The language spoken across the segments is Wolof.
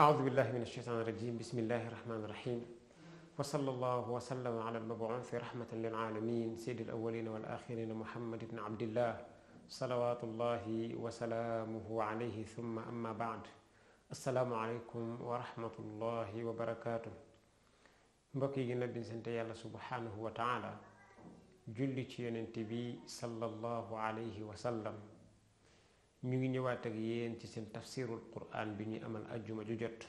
أعوذ بالله من الشيطان الرجيم بسم الله الرحمن الرحيم وصلى الله وسلم على المبعوث رحمة للعالمين سيد الأولين والآخرين محمد بن عبد الله صلوات الله وسلامه عليه ثم أما بعد السلام عليكم ورحمة الله وبركاته mbokk جنب nag di سبحانه وتعالى جل wa taala julli ci yonent bi sallallahu ñu ngi ñëwaat ak yéen ci seen tafsirul quran bi ñuy amal ajjuma ju jot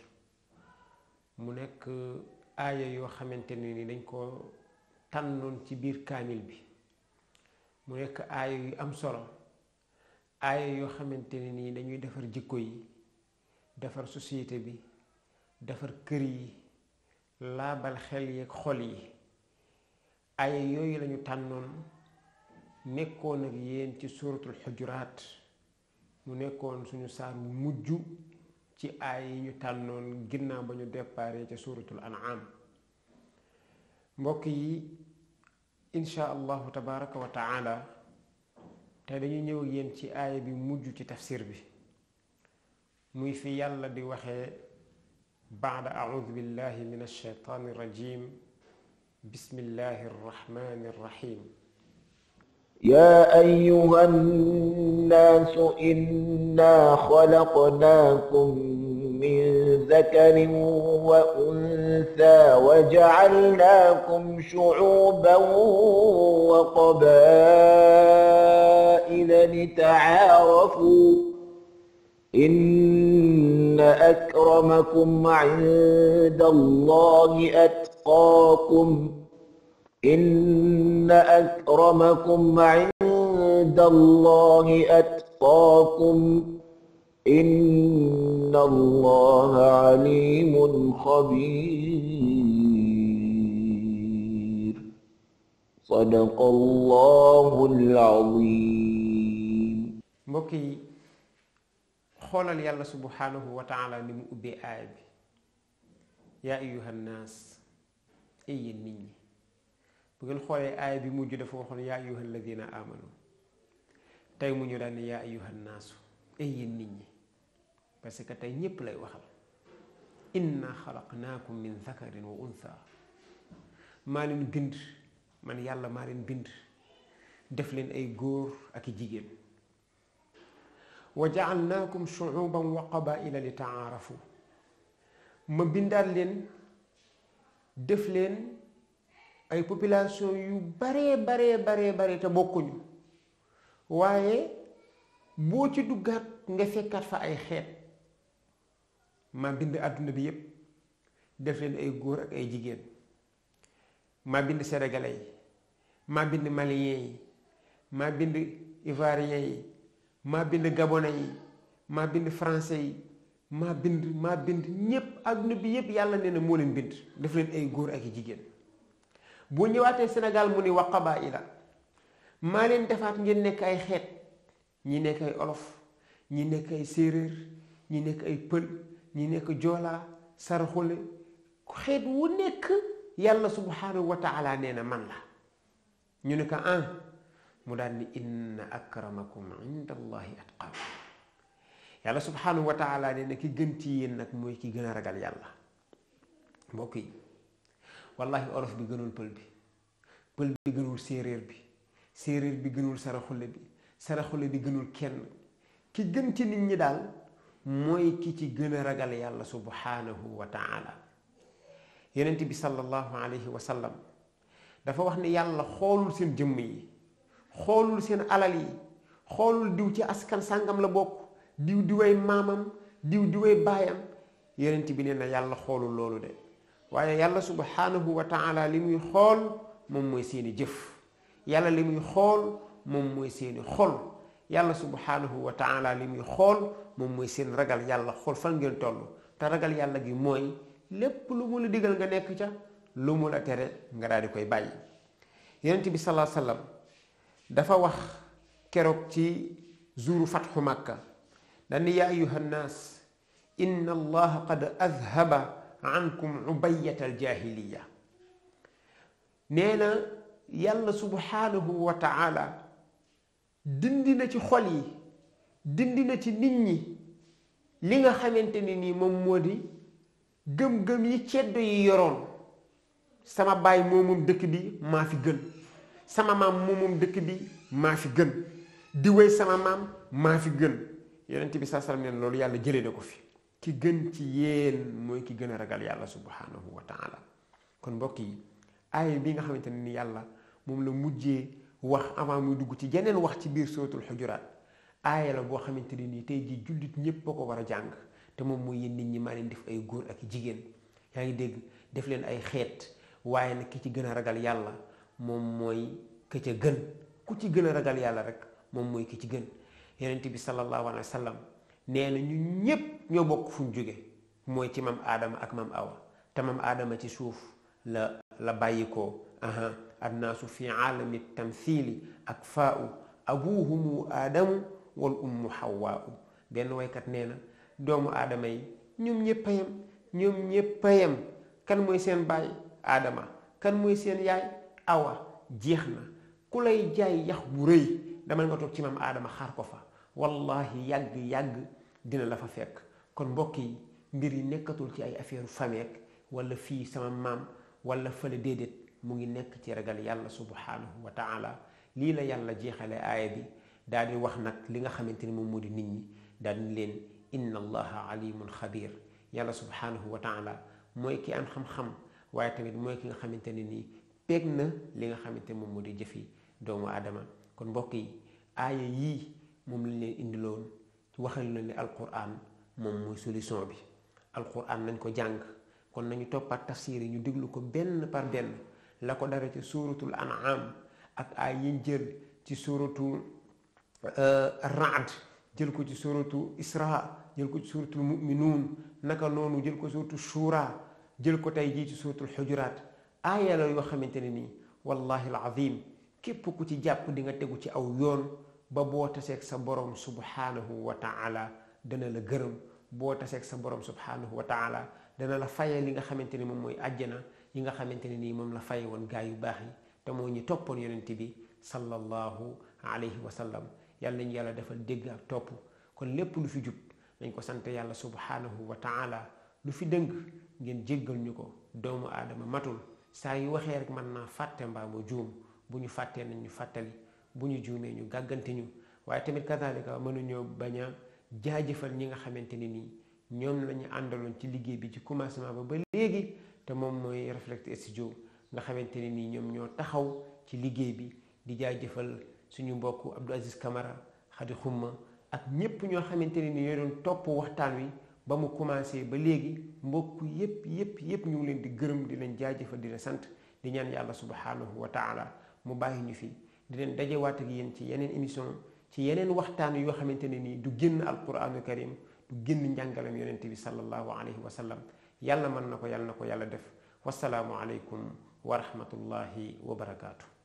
mu nekk uh, aaya yoo xamante ne ni dañ koo tànnoon ci biir kaamil bi mu nekk aaya yu am solo aaya yoo xamante ne nii dañuy defar jikko yi defar société bi defar kër yi laabal xel yi ak xol yi aaya yooyu lañu tànnoon nekkoon ak yéen ci suuratul xujuraat mu nekkoon suñu saar mujj ci aay yi ñu tànnoon ginnaaw ba ñu déparé ca suuratul an'am mbokk yi insha allahu tabaraka wa taala te dañuy ñëw ak yéen ci aaya bi mujj ci tafsir bi muy fi yàlla di waxee baada audu billahi min alsheytaani irrajim bismillahi arrahmani يا أيها الناس إنا خلقناكم من ذكر وأنثى وجعلناكم شعوبا وقبائل لتعارفوا إن أكرمكم عند الله أتقاكم إن أكرمكم عند الله أتقاكم إن الله عليم خبير صدق الله العظيم مكي خولال يالله سبحانه وتعالى نمو بآبي يا أيها الناس أي النيني bu ngeen xoolee aaya bi mujj dafa waxoon yaa ayuha alladina amanu tey mu ñu daan ne yaa ayuha naasu ay yéen nit ñi parce que tey ñépp lay waxal inna xalaqnaakum min zakarin wa untha maa leen bind man yàlla maa leen bind def leen ay góor ak jigéen wa jaalnaakum shuuban wa qabaila li taarafu ma bindaat leen def leen ay population yu baree baree baree bare te bokkuñu waaye boo ci duggaat nga fekkaat fa ay xeet ma bind àdduna bi yépp def leen ay góor ak ay jigéen ma bind sénégalais yi ma bind malien yi ma bind ivoirien yi maa bind gabonais yi maa bind français yi ma bind ma bind ñépp àdduna bi yépp yàlla nee na moo leen bind def leen ay góor ak i jigéen bu ñëwaatee senegal mu ni wa qabaa'ila maa leen defaat ngeen nekk ay xeet ñi nekk ay olof ñi nekk ay séeréer ñi nekk ay pël ñi nekk joola saraxule xeet wu nekk yàlla subhaanahu wa taala nee na man la ñu ne ko ah mu daal ni inna akramakum inda allahi atqaakum yàlla subhaanahu wa nee na ki gën ci yéen nag mooy ki gën a ragal yàlla mbokk yi والله أعرف بجنول بلبي بلبي جنول سيرير بي سيرير بي جنول سرخولي بي سرخولي بي جنول كن كي جنتي نيني دال موي كي تي جنة رجال يا الله سبحانه وتعالى يننتي بي صلى الله عليه وسلم دفا وحنا يا الله خولو سين جمي خولو سين علالي خولو ديو تي أسكن سانغام لبوك ديو ديو اي مامام ديو ديو اي بايام يننتي بي نينا يا الله خولو لولو دي waaye yàlla subhanahu wa taala li muy xool moom mooy seeni jëf yàlla li muy xool moom mooy xol yàlla subhanahu wa taala li muy xool moom mooy seen ragal yàlla xool fan ngeen toll te ragal yàlla gi mooy lépp lu mu la digal nga nekk ca lu mu la tere nga daal di koy bàyyi yonent bi salaa sallam dafa wax keroog ci zuru fatxu makka dani yaa ayuha nnaas inna allaha qad adhaba ankum ubayat al jahiliya nee na yàlla subhanahu wa taala dindi na ci xol yi dindi na ci nit ñi li nga xamante ni nii moom moo di gëm-gëm yi ceddo yi yoroon sama baay moomum dëkk bi maa fi gën sama maam moomum dëkk bi maa fi gën di wéy sama maam maa fi gën yonent bi saa salam neen loolu yàlla jëlee ne ko fi ki gën ci yéen mooy ki gën a ragal yàlla subhanahu wa taala kon mbokk yi aaya bi nga xamante ne ni yàlla moom la mujjee wax avant muy dugg ci jeneen wax ci biir suratul xujuraat aaya boo xamante ne nii tey jii jullit ñépp boo ko war a jàng te moom mooy yéen nit ñi maa leen def ay góor ak jigéen yaa ngi dégg def leen ay xeet waaye nag ki ci gën a ragal yàlla moom mooy ki gën ku ci gën a ragal yàlla rek moom mooy ki ci gën yonent bi sallallahu alayhi wa sallam nee na ñu ñépp ñoo bokk fu ñu jóge mooy ci mam aadama ak mam awa te mam aadama ci suuf la la bàyyi ko aha annaasu fi aalami tamthili ak faau abuhumu aadamu wal ummu xawaau benn waykat nee na doomu aadama yi ñoom ñépp ñoom ñépp kan mooy seen baay aadama kan mooy seen yaay awa jeex na ku lay jaay yax bu rëy dama nga toog ci mam aadama xaar ko fa wallahi yàgg-yàgg dina la fa fekk kon mbokk yi mbir yi nekkatul ci ay affaire fameek wala fii sama maam wala fële déedéet mu ngi nekk ci ragal yàlla subhanahu wa taala lii la yàlla jeexale aaya bi daal di wax nag li nga xamante ni moom moo di nit ñi daal di leen inna allaha alimun xabir yàlla subhanahu wa taala mooy ki am xam-xam waaye tamit mooy ki nga xamante ni nii peeg na li nga xamante moom moo di jëfi doomu aadama kon mbokk yi aaya yii moom lañ leen indiloon waxal na ne alquran moom mooy solution bi alquran nañ ko jàng kon nañu toppaat tafsir yi ñu déglu ko benn par benn la ko dara ci suuratul an'am ak ay yiñ jël ci suuratul euh, raad jël ko ci suuratu isra jël ko ci suuratul muminuun naka noonu jël ko suuratu shura jël ko tey jii ci suuratul xujuraat aaya yoo xamante ne nii wallahi alazim képp ku ci jàpp di nga tegu ci aw yoon ba boo taseeg sa borom subhanahu wa taala dana la gërëm boo taseeg sa borom subhanahu wa taala dana la faye li nga xamante ni moom mooy àjjana yi nga xamante ni nii moom la faye woon gaa yu baax yi te moo ñu toppoon yonent bi sallallahu alayhi wa sallam yàlla ñu yàlla defal dégg ak topp kon lépp lu fi jub nañ ko sant yàlla subhanahu wa taala lu fi dëng ngeen jéggal ñu ko doomu aadama matul saa yu waxee rek mën naa fàtte mbaa mu juum bu ñu fàttee nañ ñu fàttali bu ñu juumee ñu gàggante ñu waaye tamit kazaalika mënuñoo bañ a jaajëfal ñi nga xamante ne nii ñoom la ñu àndaloon ci liggéey bi ci commencement ba ba léegi te moom mooy Reflect Studio nga xamante ne nii ñoom ñoo taxaw ci liggéey bi di jaajëfal suñu mbokk Abdou Aziz Camara Khady Xumma ak ñépp ñoo xamante ne nii ñoo doon topp waxtaan wi ba mu commencé ba léegi mbokk yépp yépp yépp ñu ngi leen di gërëm di leen jëfal di leen sant di ñaan yàlla subhanahu wa taala mu bàyyi ñu fi di leen dajewaat ak yéen ci yeneen émission ci yeneen waxtaan yoo xamante ne nii du génn alquraanu karim du génn njàngalam yonente bi sallallahu alayhi wa sallam yàlla mën na ko yàlla na ko yàlla def wasalaamu aleykum wa rahmatullahi wa barakaatu.